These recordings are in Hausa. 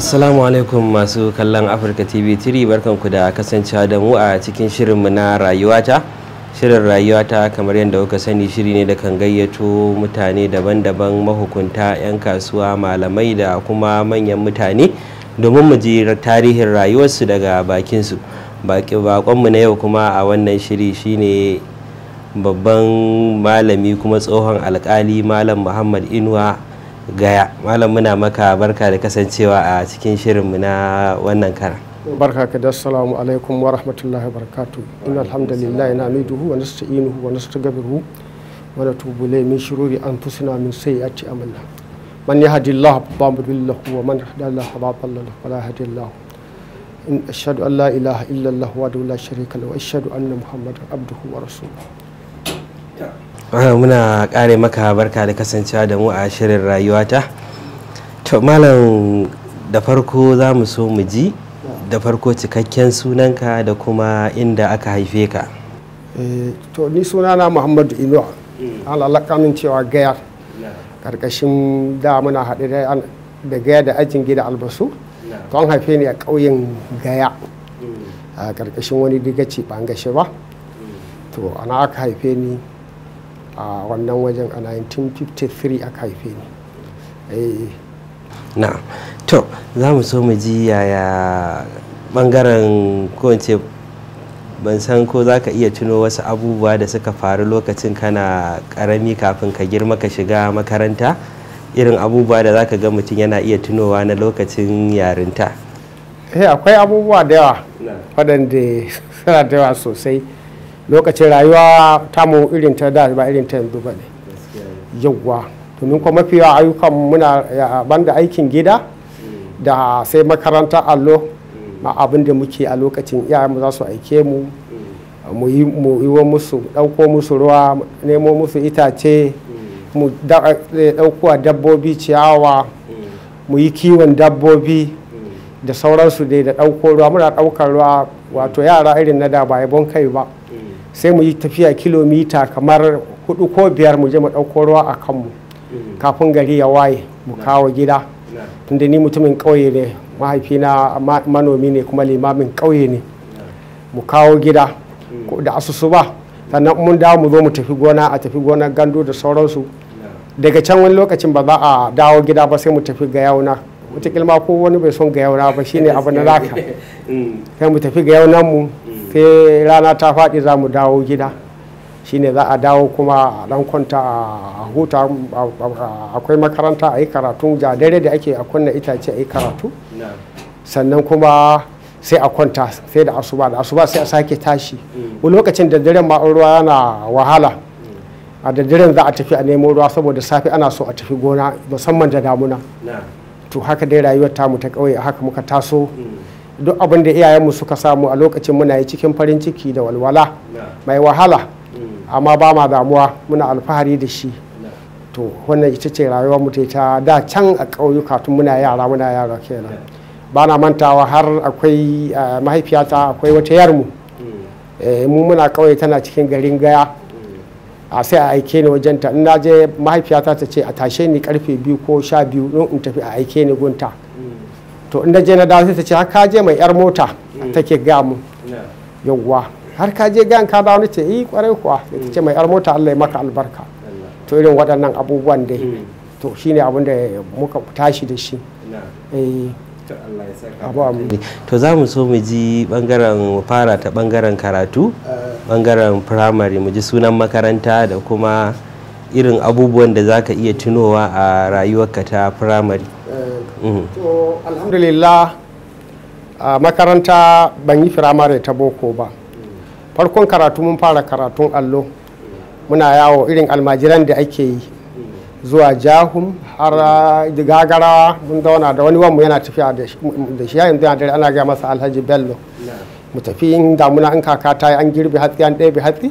Assalamu alaikum masu kallon Afirka TV 3 barkanku da kasancewa da mu a cikin shirin mu na rayuwata. Shirin rayuwata kamar yadda kuka sani shiri ne da kan gayyato mutane daban-daban mahukunta 'yan kasuwa malamai da kuma manyan mutane domin mu ji tarihin rayuwarsu daga bakinsu. Bakonmu na yau kuma a wannan shiri shine babban malami kuma tsohon alkali Malam Muhammad Inuwa gaya malam muna maka barka da kasancewa a cikin shirinmu na wannan kara barka ka da assalamu alaikum wa rahmatullahi wa barakatu in alhamdulillah na miduhu wa nasta'inuhu wa nastaghfiruhu wa natubu ilayhi min shururi anfusina min sayyiati amalna man yahdihillahu mudilla lahu wa man yudlilhu fala dhallahu wa la hadiya lahu in ashhadu an la ilaha illa allah wa la sharika lahu wa ashhadu anna muhammadan abduhu wa rasuluhu Ah, muna kare maka barka da kasancewa da mu a shirin rayuwata to malam da farko za mu so mu ji da farko cikakken sunanka da kuma inda aka haife ka eh, to ni sunana muhammadu inuwa mm. min cewa gayar karkashin da muna haɗe da gaya da ajin gida albasu to an haife ni a ƙauyen gaya mm. a karkashin wani digaci ba mm. to ana aka haife ni a wannan wajen a 1953 aka haife ni eh. na to za mu so mu ji yaya bangaren kowace ban san ko za ka iya tuno wasu abubuwa da suka faru lokacin kana karami kafin ka girma ka shiga makaranta irin abubuwa da za ka ga mutum yana iya tunowa na lokacin yarinta eh, akwai abubuwa da yawa waɗanda suna da yawa sosai lokacin rayuwa tamu irin ta da ba irin ta yanzu ba ne yawwa domin kuma mafi yawa ayyukan muna banda aikin gida da sai makaranta allo ma abin da muke a lokacin iyayenmu za su aike mu mu yi musu ɗauko musu ruwa nemo musu itace mu eh, ɗaukowa dabbobi ciyawa mu yi kiwon dabbobi da sauransu dai da ɗauko ruwa muna ɗaukar ruwa wato yara irin na da ba yabon kai ba sai mu yi tafiya kilomita kamar hudu ko biyar mu je mu ɗauko ruwa a kanmu mm. kafin gari ya waye mu kawo gida tunda ni mutumin ƙauye ne mahaifina manomi ne kuma limamin ƙauye ne mu kawo gida mm. da asusu ba sannan mun dawo mu zo mu tafi gona a tafi gona gandu da sauransu daga can wani lokacin ba za a dawo gida ba sai mu tafi ga yauna wata ko wani bai son ga yauna ba shine abu na raka mm. sai mu tafi ga yaunan mu sai rana ta faɗi za mu dawo gida shi ne za a dawo kuma a dan kwanta a huta akwai makaranta a yi karatu jadare da ake a kunna itace a yi karatu sannan kuma sai a kwanta sai da asuba da asuba sai a sake tashi mm. wani lokacin da daren ma ruwa yana wahala mm. a da za a tafi a nemo ruwa saboda safe ana so a tafi gona musamman da damuna to haka dai rayuwar tamu ta kauye haka muka taso mm. duk abin da iyayenmu suka samu a lokacin muna yi cikin farin ciki da walwala mai wahala mm. amma ba ma damuwa muna alfahari da shi mm. to wannan ita ce rayuwar mu ta da can a ƙauyuka tun muna yara muna yara kenan ba na mantawa har akwai eh, mahaifiyata akwai wata yarmu mm. eh, mu muna ƙauye tana cikin garin gaya a sai a aike ni wajenta in na je mahaifiyata ta ce a tashe ni karfe biyu ko sha biyu in tafi a aike ni gunta to inda je na dawo sai ta ce ka je mai yar mota mm. take ga mu yawwa har ka je gan ka dawo ni ce eh kwarai kuwa sai ta ce mm. mai yar mota Allah ya maka albarka to irin waɗannan abubuwan dai mm. to shine abin da muka tashi da shi eh to za mu so mu ji bangaren fara ta bangaren karatu bangaren eh. firamare mu ji sunan makaranta da kuma irin abubuwan da za ka iya tunowa a rayuwarka ta firamare eh. to alhamdulillah a makaranta ban yi firamare ta boko ba farkon karatu mun fara karatun allo muna yawo irin almajiran da ake yi zuwa jahun har gagara mun zauna da wani wanmu yana tafiya da shi yayin yana dare ana gaya masa alhaji bello mu tafi in damuna in kaka ta an girbi hatsi an ɗebe hatsi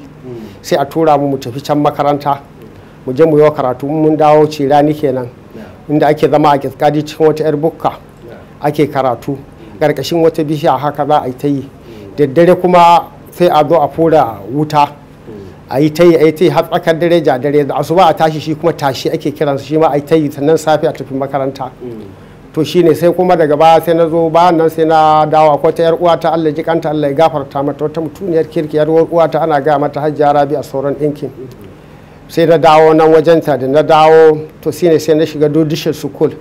sai a tura mu mu tafi can makaranta mu je mu yi karatu mun dawo cirani kenan inda ake zama a kiskadi cikin wata 'yar bukka ake karatu ƙarƙashin wata bishiya haka za a yi ta yi daddare kuma sai a zo a fura wuta a yi ta yi a yi ta yi har tsakar dare ja dare da asuba a tashi shi kuma tashi ake kiran shi ma a yi ta yi sannan safe a tafi makaranta to shine sai kuma daga baya sai na zo bayan nan sai na dawo akwai ta yar uwa ta Allah ji kanta Allah ya gafarta mata wata mutuniyar kirki yar uwa ta ana ga mata hajji rabi a sauran ɗinkin sai na dawo nan wajenta da na dawo to shine sai na shiga dodishin school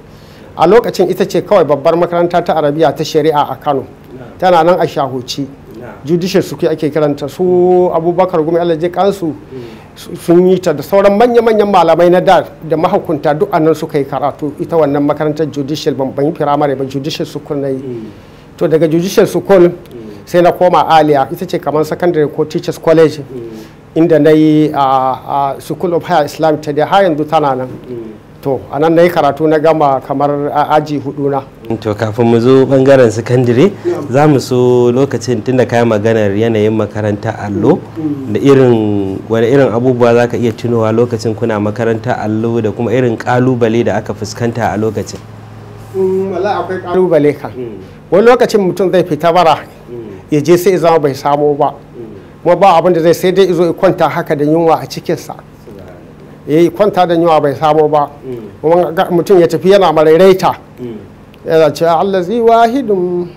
a lokacin ita ce kawai babbar makaranta ta arabiya ta shari'a a kano tana nan a shahuci judicial suke ake kiranta su abubakar gumi alaji kansu sun yi ta da sauran manya-manyan malamai na da da mahukunta duk nan suka yi karatu ita wannan makarantar judicial ban yi firamare ba judicial sukun na yi mm. to daga judicial sukun mm. sai na koma aliya ita ce kamar secondary ko teachers college mm. inda na yi a ah, ah, school of higher islam ta da har yanzu tana nan to a nan na yi karatu na gama kamar aji hudu na to kafin mu zo bangaren sakandire za mu so lokacin tunda kayan maganar yanayin makaranta allo da irin wani irin abubuwa za ka iya tunowa lokacin kuna makaranta allo da kuma irin kalubale da aka fuskanta a lokacin mm, wala akwai kalubale ka wani lokacin mutum zai fita bara ya je sai zama bai samo ba mm. kuma ba abin da zai sai dai izo kwanta haka da yunwa a cikinsa ya yi kwanta da yawa bai samo ba mutum ya tafi yana marairaita yana ce allazi wahidun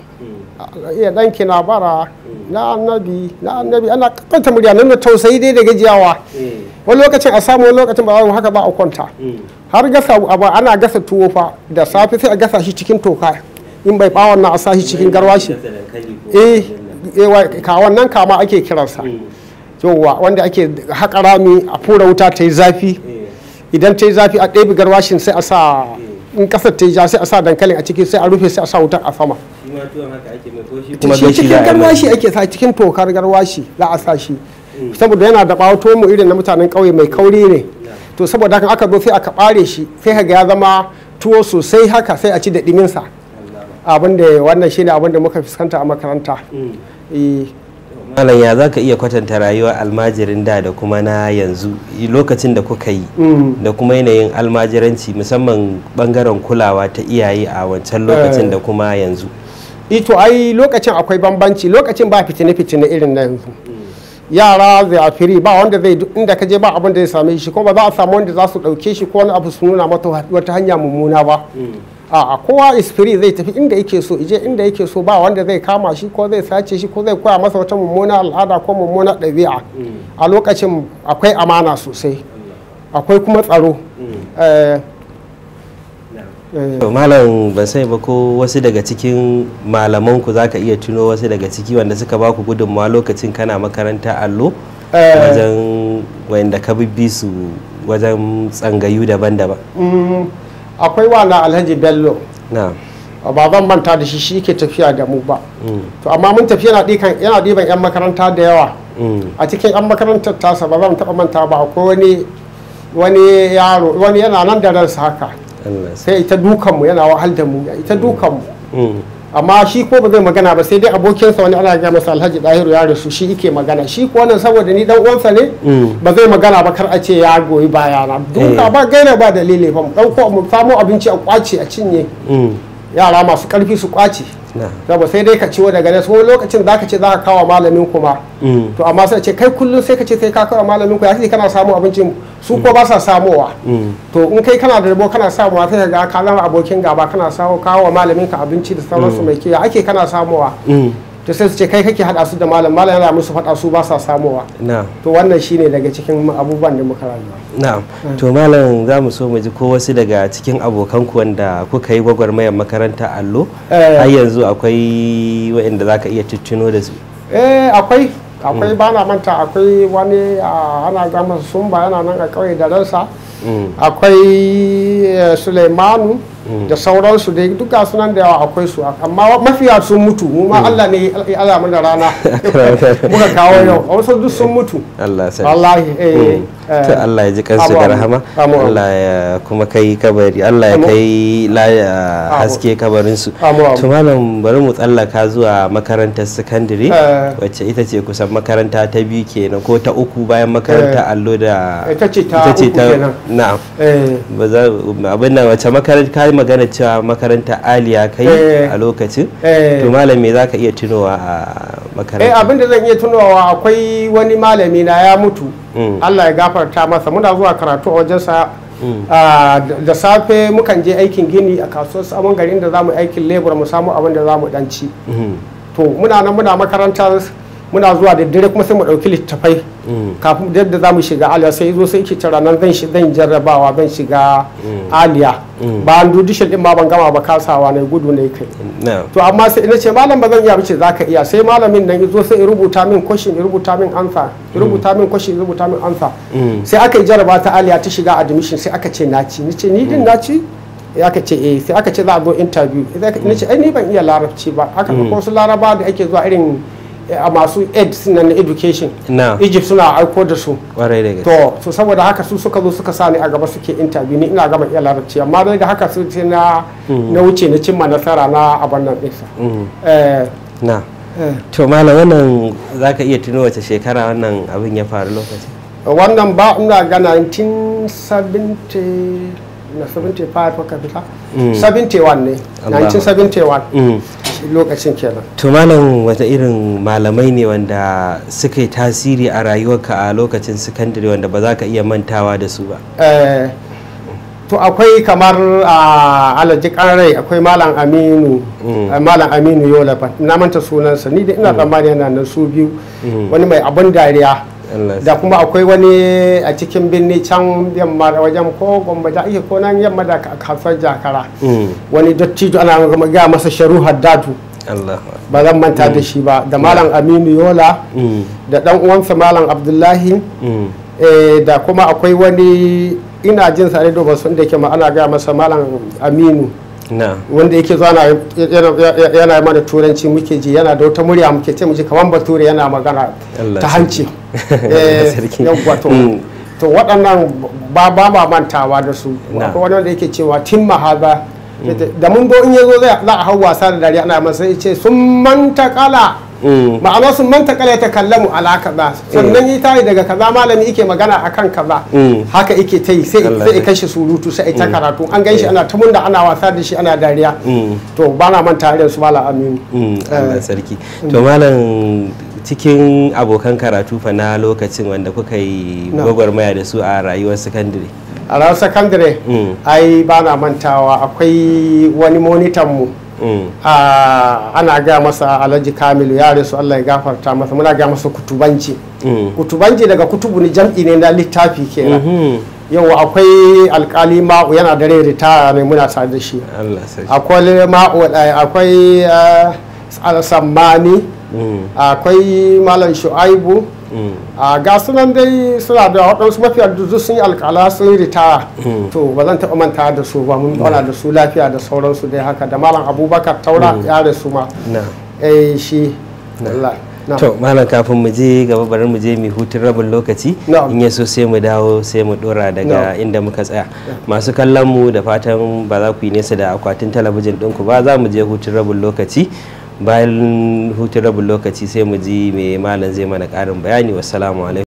iya danki na bara na annabi na annabi ana kwanta murya nan tausayi dai da gajiyawa wani lokacin a samu wani lokacin ba haka ba a kwanta har gasa abu ana gasa tuwo fa da safe sai a gasa shi cikin toka in bai bawon na a sa shi cikin garwashi eh, eh kawannan kama ake kiransa hmm. yauwa wanda ake haƙa rami a fura wuta ta yi zafi idan ta yi zafi a ɗebi garwashin sai a sa in ƙasar ta yi ja sai a sa dankalin a ciki sai a rufe sai a sa wutar a sama cikin garwashi ake sa cikin tokar garwashi za a sa shi saboda yana da ɓawo tomo irin na mutanen ƙauye mai kauri ne to saboda haka aka zo sai aka ɓare shi sai ka ga ya zama tuwo sosai haka sai a ci da ɗiminsa abinda wannan shine abin da muka fuskanta a makaranta mm. eh. malam ya za ka iya kwatanta rayuwar almajirin da da kuma na yanzu lokacin da kuka yi mm. da kuma yanayin almajiranci musamman bangaren kulawa ta iyaye a wancan lokacin eh. da kuma yanzu ito e, ai lokacin akwai bambanci lokacin ba fitine-fitine irin na yanzu yara zai afiri firi ba wanda zai inda ka je ba abin da zai same shi kuma ba za a samu wanda za su dauke shi ko wani abu su nuna mata wata hanya mummuna ba mm. a kowa is free zai tafi inda yake so ije inda yake so ba wanda zai kama shi ko zai sace shi ko zai koya masa wata mummuna al'ada ko mummuna ɗabi'a a lokacin akwai amana sosai akwai kuma tsaro eh, eh. malam ban sai ba ko wasu daga cikin malaman ku zaka iya tuno wasu daga ciki wanda suka ba ku gudunmawa lokacin kana makaranta allo eh. wajen wayanda ka bi su wajen tsangayu daban-daban mm-hmm. akwai wala alhaji bello ba zan manta da shi shi ke tafiya da mu ba mm. to amma mun tafi yana ɗiban yan makaranta da yawa mm. a cikin yan makarantar tasa ba zan taɓa manta ba akwai wani wani yaro wani yana nan da ransa haka sai ita dukanmu yana wahal da mu ita dukanmu mm. amma shi ko ba zai magana ba sai dai abokinsa wani ana gaya masa alhaji dahiru ya rasu shi ike magana shi ko wannan saboda ni dan uwansa ne mm. ba zai magana ba kar a ce ya goyi bayana duka eh. ba gaina ba dalili ba mu dauko mu samo abinci a kwace a cinye mm. yara masu karfi su kwace saboda sai dai ka ciwo daga nesa wani lokacin za ka ce za ka kawo malamin kuma mm. to amma sai ce kai kullum sai ka ce sai ka kawo malamin ku ya ce kana samu abincin su mm. ko ba sa samowa mm. to in kai kana da rabo kana samowa sai ga ka abokin gaba kana samu kawo malamin ka abinci da sauransu mai kiyaye ake kana samowa to sai su ce kai kake hada su da malam malam yana musu fada su ba sa samowa to wannan shine daga cikin abubuwan da muka rayuwa na'am hmm. to malam za mu so mu ji ko wasu daga cikin abokan ku wanda kuka yi gwagwarmayar makaranta allo eh. har yanzu akwai waɗanda zaka iya tuttuno da su eh akwai akwai hmm. ba na manta akwai wani ana ga sumba yana nan a kauye da ransa hmm. akwai eh, suleimanu Mm. da sauransu da dai duka sunan da yawa akwai su amma mafiya sun mutu mu ma mm. Allah ne ya da rana muka kawo yau a wasu duk sun mutu Allah eh mm. Eh, ta Allah ya ji kansu da rahama Allah ya kuma kai kabari Allah ya kai eh, haske kabarin su to malam bari mu tsallaka zuwa makarantar sakandare eh. wacce ita ce kusan makaranta ta biyu kenan ko ta uku bayan makaranta allo da ita ce ta uku kenan na'am abin nan wacce makaranta kai magana cewa makaranta aliya kai a lokacin to malam me zaka iya tunowa a makaranta eh abinda zan iya tunawa akwai wani malami na ya mutu mm. Allah ya gafarta masa muna zuwa karatu a wajensa mm. ah, da safe mukan je aikin gini a kasuwar samun gari da zamu aikin lebur mu samu abin da zamu dan ci mm-hmm. to muna nan muna makaranta muna zuwa da dare kuma sai mu dauki littafai kafin yadda za mu shiga aliya sai zo sai ke cira nan zan zan jarrabawa zan shiga aliya ba an dudishin din ma ban gama ba kasawa na gudu ne kai to amma sai ina ce malam ba zan iya bace zaka iya sai malamin nan zo sai rubuta min question rubuta min ansa rubuta min question rubuta min ansa sai aka yi jarraba ta aliya ta shiga admission sai aka ce naci ni ce ni din naci ya ka ce eh sai aka ce za a zo interview ina ce ai ni ban iya larabci ba haka mm. ko su laraba da ake zuwa irin a masu aids na education egypt suna aiko da su to so saboda haka su suka zo suka sani a gaba suke interview ni ina gama iya larabci amma dai da haka sun ce na mm. wuce na cimma nasara na abin nan ɗinsa mm. eh. na eh. to malam wannan za ka iya tuno wace shekara wannan abin ya faru lokaci wannan ba ina ga 1970 na 75 haka fita 71 mm. ne 1971 lokacin kenan to malam wata irin malamai ne wanda suka yi tasiri a rayuwarka a lokacin sakandare wanda ba za ka iya mantawa da su ba eh, to akwai kamar a alaji karai akwai malam aminu mm. eh, malam aminu yola na manta sunansa ni da ina mm. tsammani yana nan su biyu mm. wani mai abin dariya da kuma akwai wani a cikin birni can yamma da wajen ko gomba da ake ko nan yamma da kasuwar jakara hmm. wani dattijo ana ga masa sharu haddadu ba zan manta da hmm. shi ba da malam hmm. aminu yola da dan uwansa malam abdullahi eh, da kuma akwai wani ina jin sa da ba sun da ke ma ana ga masa malam aminu wanda yake zuwa yana mana turanci muke ji yana da wata murya muke ce muke kamar bature yana magana ta hanci Eh, to mm. to waɗannan ba ba ma mantawa da su ko wani wanda yake cewa tin mahaza mm. da mun bo in yazo za a hau wasa da dariya ana masa ya ce sun manta kala mm. ma'ana sun manta kala ta kallamu ala kaza sannan yi tayi daga kaza malami yake magana akan kaza haka yake ta yi sai sai kashe surutu sai ta karatu an ganshi ana ta munda ana wasa da shi ana dariya to ba na manta da su malam aminu eh. sarki to malam cikin abokan karatu fa na lokacin wanda kuka yi gwagwarmaya da su a rayuwar sakandare a rayuwar sakandare mm. ai ba na mantawa akwai wani monitanmu mm. ana ga masa alhaji kamilu ya su allah ya gafarta masa muna ga masa kutubanci mm. kutubanci daga kutubu ni jam'i ne na littafi ke mm-hmm. yau akwai alkali ma'u yana da rai ritaya ne muna sa da shi akwai ma'u eh, akwai eh, sammani akwai malam shu'aibu mm. a ga nan dai suna da waɗansu mafiya duzu sun yi alƙala sun yi ritaya mm. to ba zan taɓa manta da su ba mun bana da su lafiya da sauransu dai haka da malam abubakar taura mm. ya rasu ma eh shi to malam kafin mu je gaba bari mu je mu hutun rabin lokaci in ya so sai mu dawo sai mu dora daga inda muka tsaya masu kallon mu da fatan ba za ku yi nesa da akwatin talabijin ɗinku ba za mu je hutun rabin lokaci bayan hutun rabin lokaci sai mu ji mai malam zai mana ƙarin bayani wassalamu alaikum